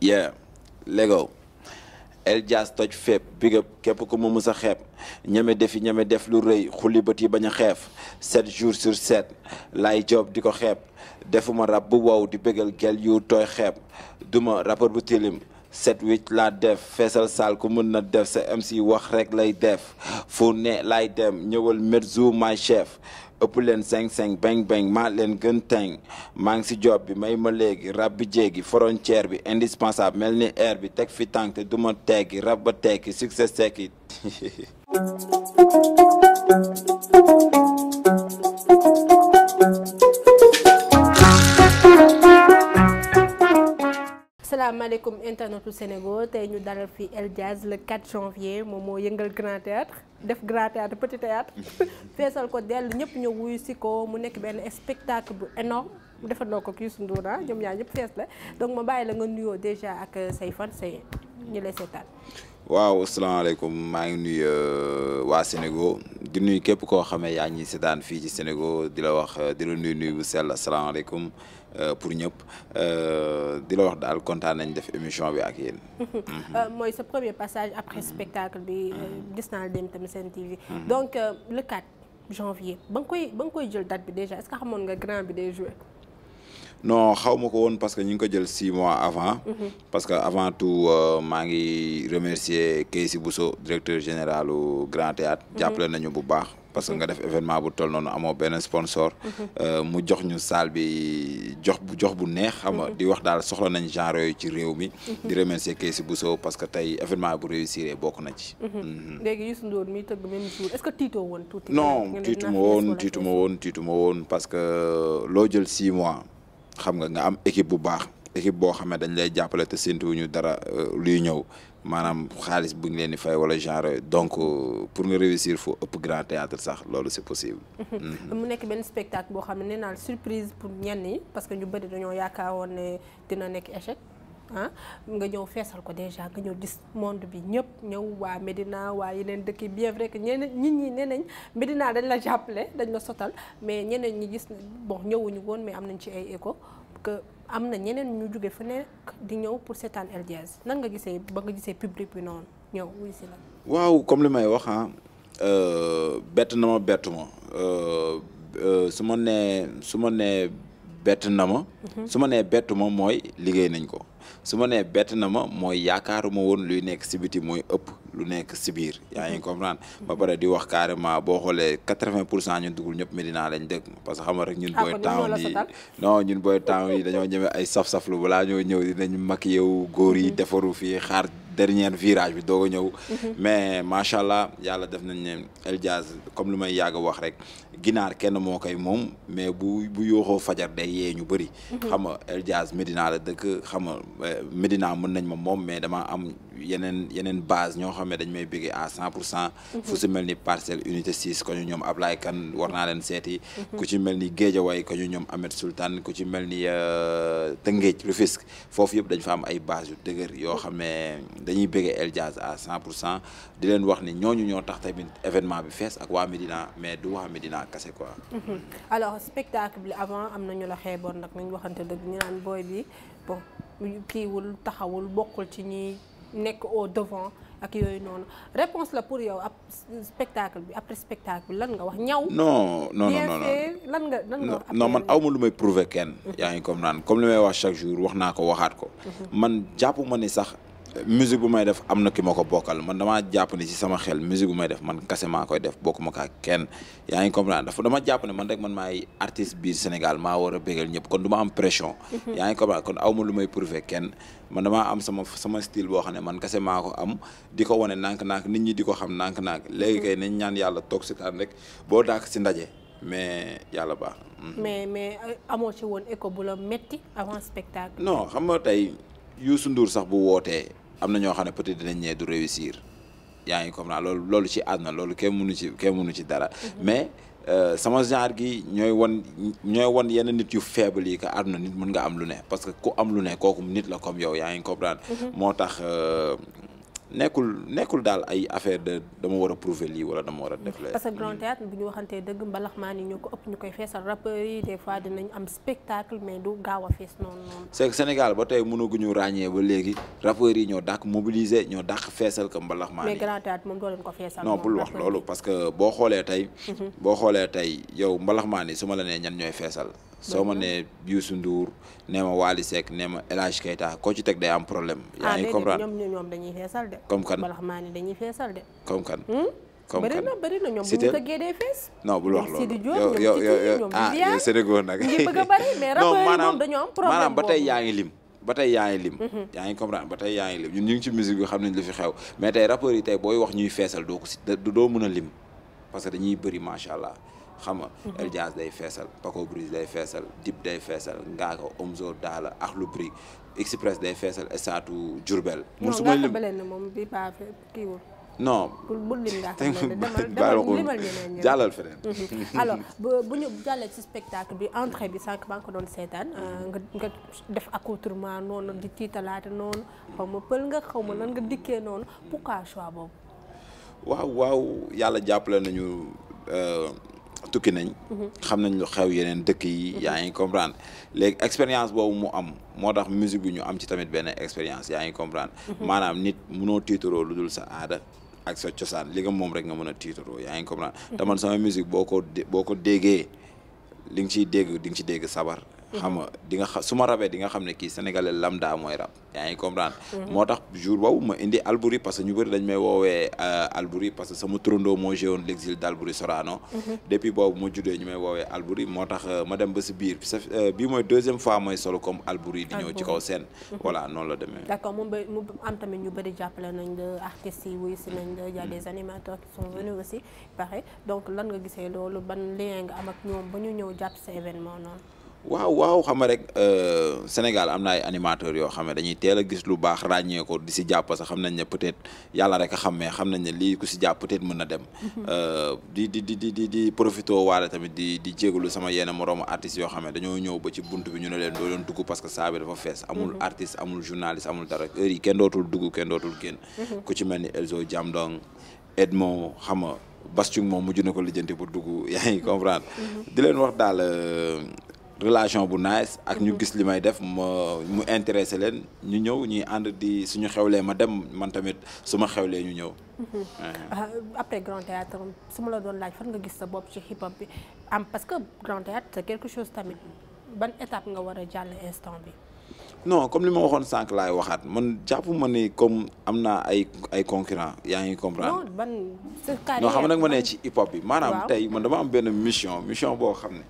yeah lego El Diaz toj fépp big képp ku mu mës a xeeb ñame defi ñame def lu rëy xulli bët yi bañ a xeef 7 jours sur 7 laay job di ko xeeb defuma rab bu wow di bégal gel yu tooy xeeb duma rapport bu tilim set wicc laa def feesal saal ku mën na def sa MC wax rek lay def fu ne laay dem ñëwal Metzo my chef ëpp leen seng seng beng beng maa leen gën teng maa ngi si job bi may ma léegi rab bi jéegi frontière bi indispensable mel ni air bi teg fi tànk te duma teggi rab ba tekki succès tekki asalaamaaleykum internetu Sénégal tey ñu dalal fi El Diaz le 4 janvier moom moo yëngal grand théâtre def grand théâtre petit théâtre feesal ko dell ñëpp ñëw wuyu si ko mu nekk benn spectacle bu énorme mu defandoo ko Youssou Ndour ah ñoom yaay ñëpp fees la donc ma bàyyi la nga nuyoo déjà ak say fan say ñu lay seetaan. waaw asalaamaaleykum maa ngi nuyu euh, waa Sénégal di nuyu képp koo xamee yaa ngi seetaan fii ci Sénégal di la wax di la nuy nuyu bu sell Euh, pour ñëpp euh, di la wax daal kontaan nañ def émission bi ak yéen. Euh, mooy sa premier passage après spectacle bi. Mm-hmm. gis naa dem tamit seen TV. Mm-hmm. donc le 4 janvier ba nga koy ba koy jël date bi déjà est-ce que xamoon nga bi day joué. non xaw ma ko woon parce que ñu ngi ko jël six mois avant. Mm-hmm. parce que avant tout maa ngi remercier Keïsi Bousso directeur général du Grand Théâtre jàppale nañu bu baax. parce que nga def événement bu toll noonu amoo benn sponsor. Euh, mu jox ñu salle bi jox bu jox bu neex. xam nga mhm. di wax daal soxla nañ genre yooyu ci réew mi. Mhm. di remercier Kaysi Bousso parce que tey événement bu réussir bokk na ci. Mhm. léegi Youssou Ndour mi tëgg même jour est-ce que tiitoo woon tuuti. non tiitu ma woon tiitu ma woon tiitu ma woon parce que loo jël xam nga nga am équipe bu baax équipe boo xam ne dañ lay jàppale te séntuwuñu dara euh, luy ñëw. maanaam xaalis bu ñu leen di fay wala genre donc pour nga réussir foo ëpp grand théâtre sax loolu c'est possible. Mm-hmm. mu nekk benn spectacle boo xam ne nee naa surprise pour ñenn yi parce que ñu bëri dañoo yaakaaroon ne dina nekk échec. ah nga ñëw feesal ko déjà nga ñëw dis monde bi ñëpp ñëw waa Médina waa yi leen dëkk yi bien vrai que ñeneen nit ñi nee nañ Médina dañ la jàppale dañ la sotal mais ñeneen ñi gis bon ñëwuñu woon mais am nañ ci ay écho am na ñeneen ñu jóge fu nekk di ñëw pour seetaan El nan nga gisee ba nga gisee public bi noonu ñëw wuy waaw comme li may wax ah euh, bett na ma bett ma euh, euh, su ma nee su ma nee bett na ma. Mhm. su ma nee bett ma mooy liggéey nañ ko. su ma nee bett na ma mooy yaakaaruma woon luy nekk si biti mooy ëpp lu nekk si biir yaa ngi comprendre ba pare di wax carrément boo xoolee quatre-vingt pour cent ñun dugul ñëpp Medina lañ dëkk parce que xam nga rek ñun ah, booy town yi non ñun booy town yi dañoo ñëwee ay saf-saflu balaa ñoo ñëw dinañ maquillé wu góor yi mm-hmm. defaru fii xaar dernier virage bi doog ñëw mm-hmm. mais macha allah yàlla def nañ ne El Diaz comme lu may yàgg wax rek ginaar kenn moo koy moom mais bu bu yooxoo fajar day yee ñu bëri. Mhm. xam nga El Diaz la dëkk xam nga eh, Medina mën nañ ma moom mais dama am yeneen yeneen base ñoo xam ne dañ may bëggee à cent pour cent. Mhm. fu mel ni parcelle unité six ko ñu ñoom Ablaye Kane war naa leen seeti. Mhm. ku ci mel ni Géejawaay ko ñu ñoom Ahmed Sultan ku ci mel ni eh, Tëngéej Rufisque foofu yëpp dañ fa am ay base yu yoo xam ne dañuy bëggee El Diaz à cent pour cent di leen wax ni ñooñu ñoo tax tamit événement bi fees ak waa Medina mais du waa Medina. kase quoi. Mhm. alors spectacle bi avant am na ñu la xeeboon nag nañu waxante dëgg ñu naan booy bi bon kiiwul taxawul bokkul ci ñi nekk au devant ak yooyu noonu réponse la pour yow ab spectacle bi après spectacle bi lan nga wax ñaw. non non non lan nga lan nga wax. man aw ma lu may prouver kenn. yaa ngi comme naan comme li may wax chaque jour wax naa ko waxaat ko. Mhm. man jàpp ma ni sax. musique bu may def am na ki ma ko bokal man damaa jàpp ne sama xel musique bu may def man kase maa koy def bokkuma kaa kenn yaa ngi comprendre dafa dama jàpp ne man rek man maay artiste biir Sénégal maa war a bégal ñëpp kon du ma am pression. Mhm. yaa ngi comprendre kon aw ma lu may prouver kenn man damaa am sama sama style boo xam ne man kase maa ko am di ko wane nànk-nànk nit ñi di ko xam nànk-nànk léegi kay mhm. nañ ñaan yàlla toog si rek boo daak si ndaje mais yàlla ba mhm. mais mais euh, amoo ci woon écho bu la metti avant spectacle. non xam nga tey Youssou Ndour sax bu wootee. am na ñoo xam ne peut-être dinañ ñee du réussir yaa ngi comprendre loolu loolu ci àdduna loolu kenn mënu ci kenn mënu ci dara mm-hmm. mais euh, sama genre gi ñooy won ñooy won yenn nit yu faible yi que àdduna nit mun nga am lu ne parce que ku am lu ne kooku nit la comme yow yaa ngi comprendre mm-hmm. moo tax euh, nekkul nekkul daal ay affaire de dama war a prouver lii wala dama war a def la parce que grand théâtre bu ñu waxantee dëgg mbalax maa ni ñoo ko ëpp ñu koy feesal rappeurs yi des fois dinañ am spectacle mais du gaaw a fees noonu noonu Sénégal ba tey mënaguñu ràññee ba léegi rappeurs yi ñoo dàq mobiliser ñoo dàq feesal ko mbalax maa ni mais grand théâtre moom doo leen ko feesal non bul wax loolu parce que boo xoolee tey mhm. boo xoolee tey yow mbalax maa ni su ma la nee ñan ñooy feesal soo ma nee Youssou Ndour nee ma Wally Seck nee ma El Hadj Keita koo ci teg day am problème. yaa ah, ngi comprendre ah ñoom ñoom dañuy feesal de. comme kan wala xam ne dañuy feesal de. comme kan. Hmm? comme kan na bu ñu tëggee day yow yow yow ah, nag. a bëri mais rappeurs yi am problème maanaam ba tey yaa ngi lim. ba tey yaa ngi lim. Mm-hmm. yaa ngi comprendre ba tey yaa ngi lim ñun ñu ngi ci musique bi xam nañ li fi xew mais tey rappeurs yi tey booy wax ñuy feesal doo ko doo mën a lim parce que dañuy bëri macha allah xam nga Eldiaz day feesal Paco Briz day feesal Dip day feesal Ngaaka Omzo ak Akhlou Brick Express day feesal estatu Diourbel mun su ma lim non bul lim nga xam jàllal feneen mhm. alors bu ñu jàllee ci spectacle bi entrée bi sànq maa ngi ko doon seetaan euh, nga def accoutrement noonu di tiitalaate noonu xaw ma pël nga xaw ma nan nga dikkee noonu pourquoi choix boobu waaw waaw yàlla jàppale nañu euh, tukki nañ. Mhm. xam nañ lu xew yeneen dëkk yi. Mhm. yaa ngi comprendre léegi expérience boobu mu am moo tax musique bu ñu am ci tamit benn expérience yaa ngi comprendre. Mhm. maanaam nit munoo tiitaroo lu dul sa aada ak sa cosaan li nga moom rek nga mën a tiitaroo yaa ngi comprendre. te man sama musique boo ko boo ko déggee li nga ciy dégg di nga ci dégg sabar. Mhm. xam nga di nga xam su ma rabee di nga xam ne kii sénégalais lambda mooy rab yaa ngi comprendre. Mhm. moo tax jour boobu ma indi Albouri parce que ñu bëri dañ may woowee euh, Albouri que sama turandoo moo géewoon l'exil d'Albouri Sorano. Mhm. depuis boobu ma juddoo ñu may woowee Albouri moo tax euh, ma dem ba si biir sa euh, bii mooy deuxième fois mooy solo comme Albouri di ñëw ci kaw seen. voilà noonu la demee. d'accord moom ba mu am tamit ñu bëri jàppale nañ la artistes yi wuyu si nañ la y des animateurs qui sont venus aussi pareil donc lan nga gisee loolu ban lien nga ba ñu ñëw jàpp waaw waaw xam nga rek euh, Sénégal am na ay animateurs yoo xam ne dañuy teel a gis lu baax ràññee di si jàpp sax xam nañ ne peut-être yàlla rek a xam mais xam nañ ne lii ku si jàpp peut mën na dem. Mhm. Euh, di di di di di di profité waale tamit di di jégalu sama yenn moroomu artistes yoo xam ne dañoo ñëw ba ci bunt bi ñu ne leen doo leen dugg parce que saa bi dafa fees. amul mhm. artiste amul journaliste amul dara heure yi kenn dootul dugg kenn dootul génn. Mhm. ku ci mel ni Elzo Jamdong Edmond xam nga Bass moom mujj na ko lijjanti bu dugg yaa ngi comprendre. di leen wax daal. Euh, relation bu nice ak ñu mhm. gis li may def ma mu intéressé leen ñu ñëw ñuy ànd di suñu xew xewlee ma dem man tamit suma ma xewlee ñu ñëw. Mhm. Ah, après Grand Théâtre su ma la doon laaj fan nga gis sa bopp ci hip hop bi am parce que Grand Théâtre c'est quelque chose tamit ban étape nga war a jàll instant bi. no comme li ma waxoon sànq laay waxaat man jàpp ma ni comme am na ay ay concurrent yaa ngi comprendre. non ban xam nag ma ne ci hip hop bi. maanaam tey man dama am benn mission mission boo xam ne.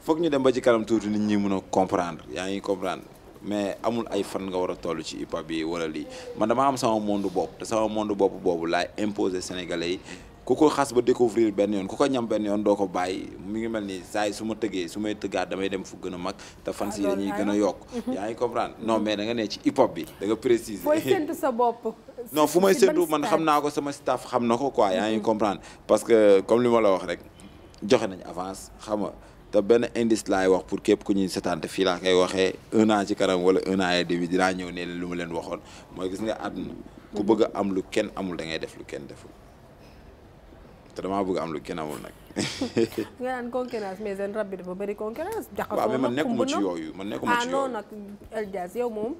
foog ñu dem ba ci kanam tuuti nit ñi mun comprendre yaa ngi comprendre mais amul ay fan nga war a toll ci hip hop bi wala lii man dama am sama monde bopp te sama monde bopp boobu laay imposer sénégalais yi ku ko xas ba découvrir benn yoon ku ko ñam benn yoon doo ko bàyyi mi ngi mel ni saay su ma tëggee su may tëggaat damay dem fu gën a mag te fans yi ah, dañuy gën a yokk mhm. yaa ngi comprendre non mais da nee ci hip hop bi da nga préciser booy séntu sa bopp non fu may séntu man xam naa ko sama staff xam na ko quoi yaa ngi mhm. comprendre parce comme li ma la wax joxe nañ avance xam nga te benn indice laay wax pour képp ku ñuy setaan te fila laa koy waxee un an ci kanam wala un an demi dinaa ñëw ne lu ma leen waxoon mooy gis nga àdduna ku bëgg am lu kenn amul da def lu kenn deful bëgg am lu kenn amul nag. mais seen rab bi dafa bëri concurrence. jaxasoo waaw mais man nekkuma ci yooyu man nekkuma ci ah, yooyu. ah nag El Diaz yow moom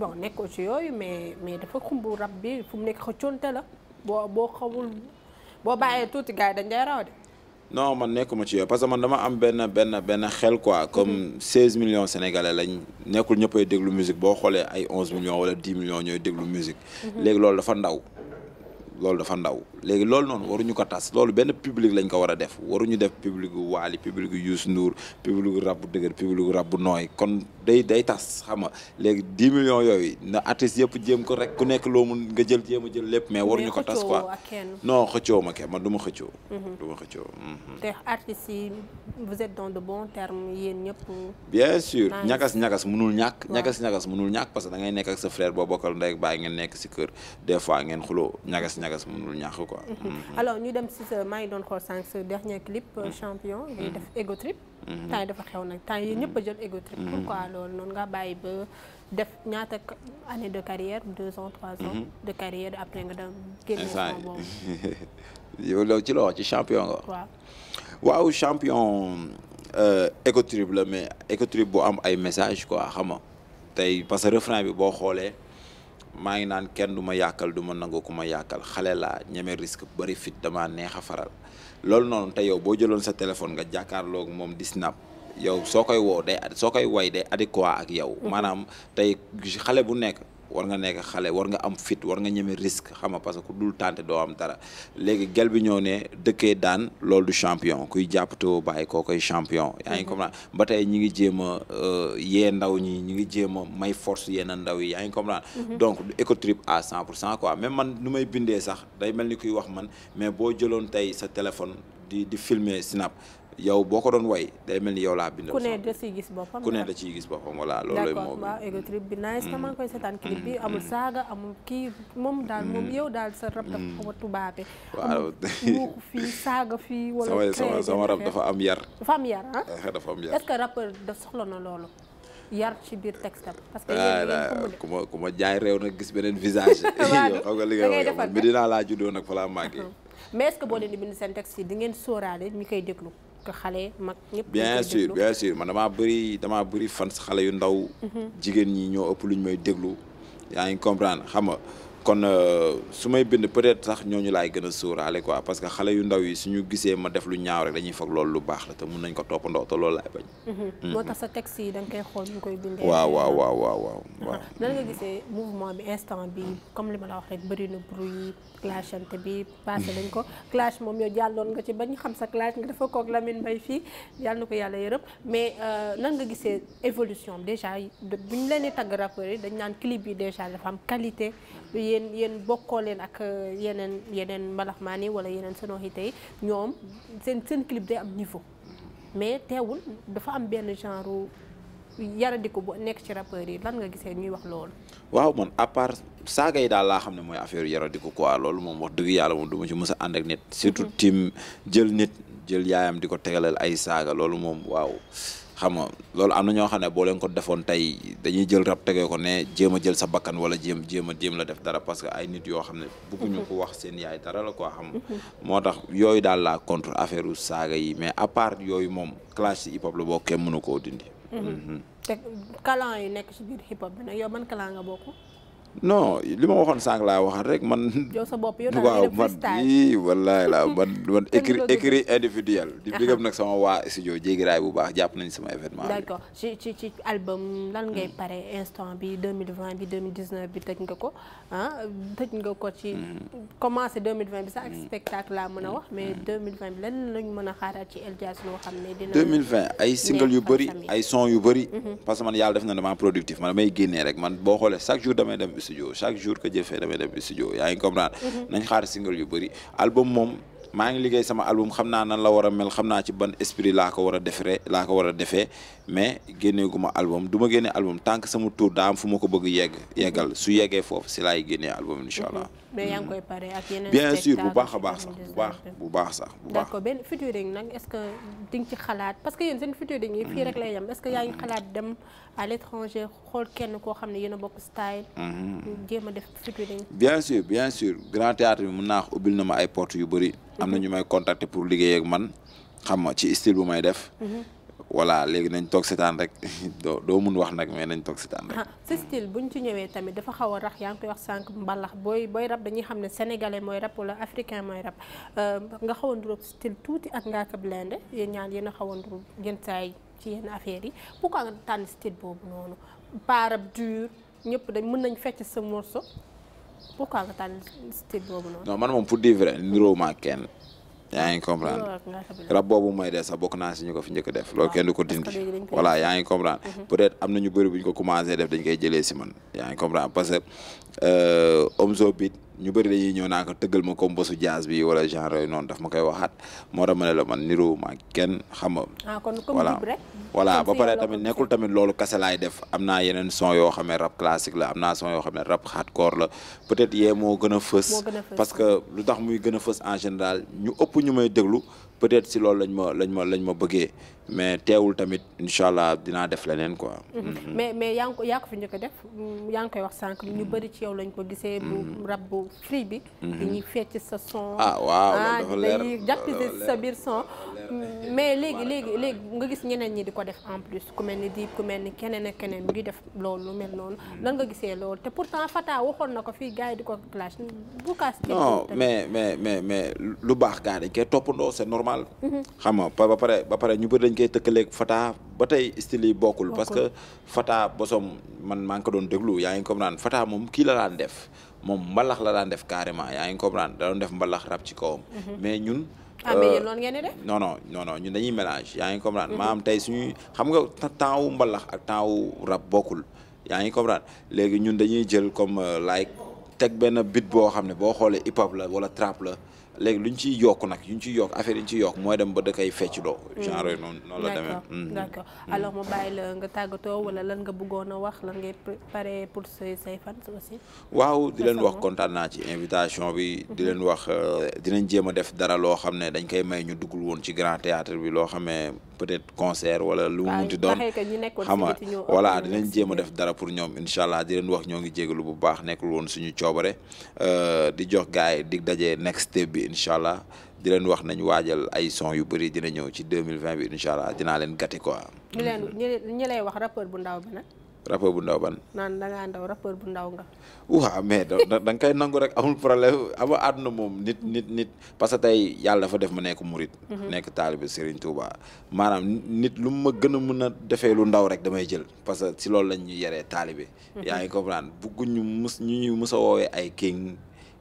bon nekkoo ci yooyu mais mais dafa xumbu rab bi fu mu nekk xëccoonte la boo boo xamul boo bàyyee tuuti gaa yi dañ lay raw de. non man nekkuma ci yooyu parce que man dama am benn benn benn xel quoi comme 16 mhm. million sénégalais lañ nekkul ñëppay déglu musique boo xoolee ay 11 millions wala 10 million ñooy déglu musique mhm. léegi loolu dafa ndaw loolu dafa ndaw léegi loolu noonu waruñu ko tas loolu benn public lañ ko war a def waruñu def public gu Waly public gu Youssou Ndour public gu rab bu dëgër public gu rab nooy kon day day tas xam nga léegi 10 millions yooyu na artistes yëpp jéem ko rek ku nekk loo mun nga jël jéem a jël lépp mais waruñu ko tas quoi non xëccoo ma kenn man du ma xëccoo mhm. du ma xëccoo mhm. te artistes ñëpp bien sûr ñagas ñagas mënul ñàkk ñagas ñagas nekk ak sa frère boo bokkal ndey ak ngeen nekk si kër des fois ngeen xuloo ñagas ñagas mënul ñàkk quoi. Mhm. Mhm. alors si sa maa ngi doon xool sànq sa dernier clip. Euh, mhm. champion ngay def ego trip. temps yi dafa xew nag temps yi ñëpp a jël ego trip. pourquoi loolu noonu nga bàyyi ba def ñaata année de carrière deux ans trois ans. de carrière après nga dem génne son boobu. yow loolu ci la wax ci champion nga. waaw waaw champion euh, ego trip la mais ego trip am ay message quoi xam tey parce que bi boo xoolee. maa ngi naan kenn du ma yàkkal du ma nangu ku ma yàkkal xale laa ñeme risque bëri fit dama neex a faral loolu noonu te yow boo jëloon sa téléphone nga jàkkaarloog moom di snap yow soo koy woo day soo koy way day adéquat ak yow mm-hmm. maanaam tey xale bu nekk war nga nekk xale war nga am fit war nga ñeme risque xam nga parce que ku dul tànte doo am dara léegi gel bi ñëw ne dëkkee daan loolu du champion kuy jàpp te bàyyi koo koy champion. yaa ngi mhm. comprendre ba tey ñi ngi jéem a euh, yee ndaw ñi ñi ngi jéem may force yenn ndaw yi yaa ngi comprendre. Mhm. donc du écotrip à 100 pour cent quoi même man nu may bindee sax day mel ni kuy wax man mais boo jëloon tey sa téléphone di di filmer snap. yow boo ko doon way day mel ni yow laa bind. ku ne da ciy gis boppam ku ne da ciy gis boppam voilà loolooy moo. d'accord waaw ego trip bi nice na maa ngi koy seetaan clip mm, amul mm. saaga amul kii moom daal mm. yow daal sa rab dafa xaw fii saaga fii. wala sama rab dafa am yar. dafa am yar ah eh, dafa am yar est-ce que soxla na loolu. yar ci biir texte parce que ah, ku ma jaay réew nag gis beneen visage. yow xam nga laa juddoo nag fa laa màggee. mais est boo leen di bind seen texte yi di ngeen sóoraale ñu koy déglu. que xale mag ñëpp. bien sûr bien sûr man damaa bëri damaa bëri fans xale yu ndaw. Mhm. jigéen ñi ñoo ëpp luñ may déglu yaa ngi comprendre xam kon euh, su may bind peut-être sax ñu laay gën a sóoraale quoi parce que xale yu ndaw yi suñu gisee ma def lu ñaaw rek dañuy foog loolu lu baax la te mun nañ ko toppandoo te loolu laay bañ. Mhm. Mhm. moo tax sa texte yi da nga koy xool ñu koy bindee. waaw waaw waaw waaw waaw. nan nga gisee mouvement bi instant bi comme li ma la wax rek na bruit nañ ko clash moom yow jàlloon nga ci bañ xam sa clash nga dafa koog Lamine Mbaye fii yàlla na ko yàlla yërëm mais euh, nan nga gisee évolution déjà buñ leen di tagg rappeurs yi dañ naan clip yi déjà dafa am qualité. yéen yéen bokkoo leen ak euh, yeneen yeneen mbalaxmaan yi wala yeneen sonorité yi ñoom seen seen clip day am niveau mais teewul dafa am benn genre yaradiku bu nekk ci rappeurs yi lan nga gisee ñuy wax loolu. waaw man à part saaga yi daal laa xam ne mooy affaire yaradiku quoi loolu moom wax dëgg yàlla moom du ma ci mës a ak nit. surtout mhm. tim jël nit jël yaayam di ko tegalal ay saaga loolu moom waaw. xam nga loolu am na ñoo xam ne boo leen ko defoon tey dañuy jël rab tegee ko ne jéem a jël sa bakkan wala jéem jéem a jéem la def dara parce que ay nit yoo xam ne bëgguñu mhm. ko wax seen yaay dara la quoi xam mhm. moo tax yooyu daal la contre affaire u saaga yi mais à part yooyu moom clash si hip hop la boo kenn mënu koo dindi mhm. te kalan nekk si biir hip hop bi nag yow ban kalan nga non li ma waxoon sànq laa waxaat rek man. yow sa bopp yow waaw man ii wallaahi laa man man écrit écrit individuel. di bigam nag sama waa studio jéegiraay bu baax jàpp nañ sama événement. d'accord ci ci ci album lan mm. instant bi 2020 bi 2019 bi tëj nga ko ah nga ko ci. Mm. commencé 2020 bi sax ak mm. spectacle a a xaaraat ci El Diaz mm-hmm. boo xoolee chaque jour dem. studio chaque jour que jëfee damay dem studio yaa ngi comprendre. Mhm. nañ xaar single yu bëri album moom. maa ngi liggéey sama album xam naa nan la war a mel xam naa ci ban esprit laa ko war a defee laa ko war a defee mais album du ma génne album tant que sama tour daa am fu ma ko bëgg yeggal su yeggee foofu si laay génnee album incha allah. Mhm. mais yaa ngi koy pare ak yeneen bien sûr bu baax a baax sax bu baax bu baax sax bu baax. d'accord benn featuring nag est-ce que di nga ci xalaat parce que yéen seen featuring yi à l'étranger xool kenn koo xam ne yéen a bokk style. Mhm. jéem a def bien sûr bien sûr grand théâtre bi mun ubbil na ma ay porte yu bëri. am na ñu may contacter pour liggéey man xam ma ci style bu may def. wala mhm. léegi nañ toog seetaan rek doo doo mun wax nag mais nañ toog seetaan rek. Ah, si style buñ ci ñëwee tamit dafa xaw a rax yaa ngi koy wax sànq mbalax booy booy rap dañuy xam ne sénégalais mooy rap wala africain mooy rap euh, nga xaw a nduroog style tuuti ak Ngaaka Blindé yéen ñaan yéen a a nduroog yenn saa yi ci yenn affaires yi pourquoi nga tànn style boobu noonu baarab dur ñëpp dañ mën nañ fecc sa morceau pourquoi nga tànn style boobu noonu. non man moom pour dire vrai niroo maa kenn. yaa ngi comprendre rab boobu mooy dee sax bokk naa si ñu ko fi njëkk def loolu kenn du ko dindi voilà yaa ngi comprendre mhm. peut-être am na ñu bëri bu ko commencé def dañ koy jëlee si man yaa ngi comprendre parce que euh, Omzo Beat ñu bëri dañuy ñëw naa ko tëggal ma comme bosu jazz bi wala genre yooyu noonu daf ma koy waxaat moo tax ma ne la man niroo ma kenn xam nga. Ah, kon comme voilà ba pare tamit nekkul tamit loolu kase laay def am naa yeneen son yoo xam ne rap classique la am naa son yoo xam ne rap hardcore la peut-être yee moo gën a fës. parce que lu tax muy gën a fës en général ñu ëpp ñu may déglu peut-être si loolu lañ ma lañ ma lañ ma bëggee. mais teewul tamit incha allah dinaa def leneen quoi. Mhm. Mhm. mais mais yaa ngi ko fi njëkk def mm, yaa ngi koy wax sànq ñu bëri ci yow lañ ko gisee. bu mhm. rab bu free bi. dañuy fecc sa son. ah waaw loolu ah, dafa sa biir son. Mm, mais léegi léegi léegi nga gis ñeneen ñi di ko def en plus ku mel ni diib ku mel ni keneen ak keneen mu ngi def loolu lu mel noonu. lan nga gisee lool te pourtant Fata waxoon na ko fii gars yi di ko clash bu kaas. non mais mais mais lu baax gaa dañ koy toppandoo c'est normal. xam koy tëkkaleeg Fata ba tey style yi bokkul. parce que Fata bosom man maa ngi ko doon déglu yaa ngi comprendre Fata moom kii la daan def moom mbalax la daan def carrément yaa ngi comprendre da doon def mbalax rab ci kawam. Mhm. mais ñun. ah mais yéen noonu euh, ngeen di def. non non non non ñun dañuy mélange yaa ngi comprendre maanaam mhm. tey suñuy xam nga temps wu mbalax ak temps wu rab bokkul yaa ngi comprendre léegi ñun dañuy jël comme euh, like teg benn bit boo xam ne boo xoolee hip la wala trap la. léegi lu ñu ciy yokk nag yu ñu ciy yokk affaire yi ñu ciy yokk mooy dem ba da koy fecc doo. Mm. genre yooyu noonu noonu la demee. Mm. d' accord mm. alors ma bàyyi la nga tàggatoo wala lan nga bëggoon a wax lan ngay préparé pour say say fans waaw di leen wax kontaan naa ci invitation bi. Mm-hmm. di leen wax euh, dinañ jéem a def dara loo xam ne dañ koy may ñu duggul woon ci grand théâtre bi loo xam ne peut-être concert wala lu mu munti doon xam wala voilà dinañ jéem def dara pour ñoom incha allah di leen wax ñoo ngi jégalu bu baax nekkul woon suñu coobare euh, di jox gars yi di daje next step bi incha allah di leen wax nañ waajal ay son yu bëri dina ñëw ci 2020 bi incha allah dinaa leen gàtti quoi. ñu leen ñu lay wax rappeur bu ndaw bi nag. rappeur bu ndaw ban. naan da ngaa ndaw rappeur bu ndaw nga. waaw a da nga koy nangu rek amul problème ama àdduna moom nit nit nit parce que tey yàlla dafa def ma nekk murit. Mhm. nekk taalibe Serigne Touba maanaam nit lu ma gën a mën a defee lu ndaw rek damay jël parce si loolu lañ yeree taalibe. Mhm. yaa ngi comprendre bugg ñu mus ñu ñuy mus a woowee ay king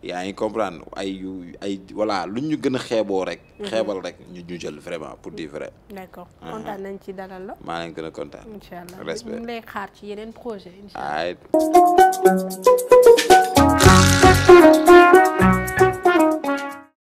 yaa ngi comprendre ay yu ay lu ñu gën a xeeboo rek. Mhm. xeebal rek ñu ñu jël vraiment pour dire vrai. d' accord mhm. kontaan nañ ci dalal la. maa leen gën a kontaan. incha respect xaar ci yeneen projet incha allah.